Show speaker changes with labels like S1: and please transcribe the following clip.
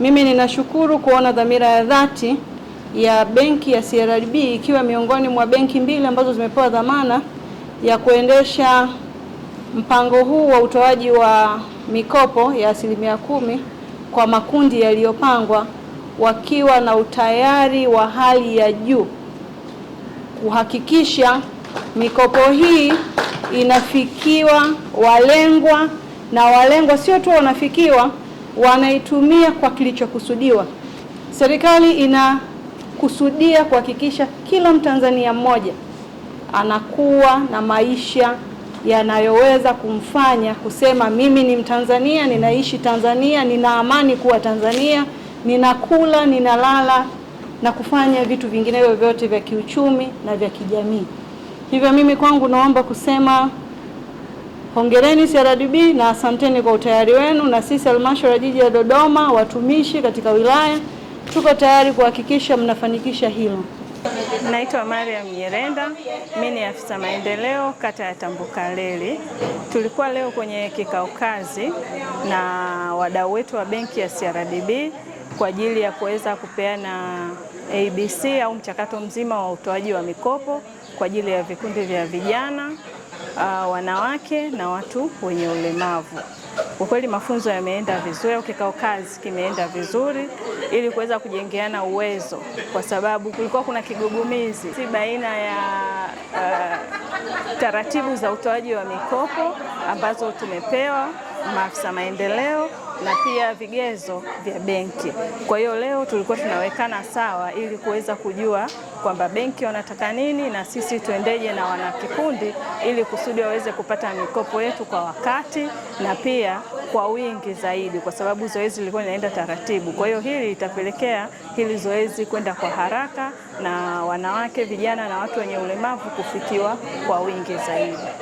S1: Mimi ninashukuru kuona dhamira ya dhati ya benki ya CRDB ikiwa miongoni mwa benki mbili ambazo zimepewa dhamana ya kuendesha mpango huu wa utoaji wa mikopo ya asilimia kumi kwa makundi yaliyopangwa wakiwa na utayari wa hali ya juu kuhakikisha mikopo hii inafikiwa walengwa na walengwa sio tu wanafikiwa wanaitumia kwa kilichokusudiwa. Serikali inakusudia kuhakikisha kila Mtanzania mmoja anakuwa na maisha yanayoweza kumfanya kusema mimi ni Mtanzania, ninaishi Tanzania, nina amani kuwa Tanzania, ninakula, ninalala na kufanya vitu vinginevyo vyote vya kiuchumi na vya kijamii. Hivyo mimi kwangu naomba kusema Hongereni CRDB na asanteni kwa utayari wenu. Na sisi halmashauri ya jiji la Dodoma, watumishi katika wilaya, tuko tayari kuhakikisha mnafanikisha hilo.
S2: Naitwa Mariam Nyerenda, mimi ni afisa maendeleo kata ya Tambukareli. Tulikuwa leo kwenye kikao kazi na wadau wetu wa benki ya CRDB kwa ajili ya kuweza kupeana ABC au mchakato mzima wa utoaji wa mikopo kwa ajili ya vikundi vya vijana uh, wanawake na watu wenye ulemavu. Kwa kweli mafunzo yameenda vizuri au kikao kazi kimeenda vizuri ili kuweza kujengeana uwezo, kwa sababu kulikuwa kuna kigugumizi si baina ya uh, taratibu za utoaji wa mikopo ambazo tumepewa maafisa maendeleo na pia vigezo vya benki. Kwa hiyo leo tulikuwa tunawekana sawa ili kuweza kujua kwamba benki wanataka nini na sisi tuendeje na wanakikundi ili kusudi waweze kupata mikopo yetu kwa wakati na pia kwa wingi zaidi, kwa sababu zoezi lilikuwa linaenda taratibu. Kwa hiyo hili litapelekea hili zoezi kwenda kwa haraka na wanawake, vijana na watu wenye ulemavu kufikiwa kwa wingi zaidi.